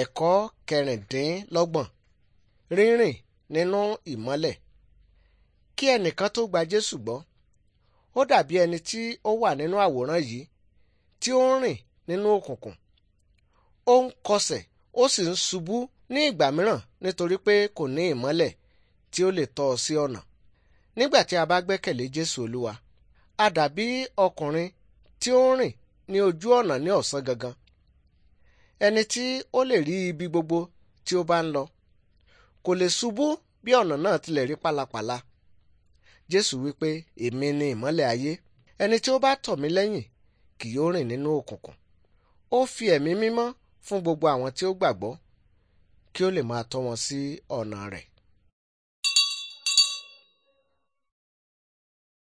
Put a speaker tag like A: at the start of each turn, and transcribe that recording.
A: ẹ̀kọ́ kẹrìndínlọ́gbọ̀n rírìn nínú ìmọ́lẹ̀ kí ẹnìkan tó gba Jésù gbọ́ ó dàbí ẹni tí ó wà nínú àwòrán yìí tí ó ń rìn nínú òkùnkùn ó ń kọsẹ̀ ó sì ń ṣubú ní ìgbà mìíràn nítorí pé kò ní ìmọ́lẹ̀ tí ó lè tọ́ ọ sí ọ̀nà nígbà tí a bá gbẹ́kẹ̀lé Jésù Olúwa a dàbí ọkùnrin tí ó ń rìn ní ojú ọ̀nà ní ọ̀sán gangan ẹni tí ó lè rí ibi gbogbo tí ó bá ń lọ kò lè ṣubú bí ọ̀nà náà tilẹ̀ rí pálapàla jésù wípé èmi ni ìmọ́lẹ̀ ayé ẹni tí ó bá tọ̀ mí lẹ́yìn kì yóò rìn nínú òkùnkùn ó fi ẹ̀mí mímọ́ fún gbogbo àwọn tí ó gbàgbọ́ kí ó lè máa tọ́ wọn sí ọ̀nà rẹ̀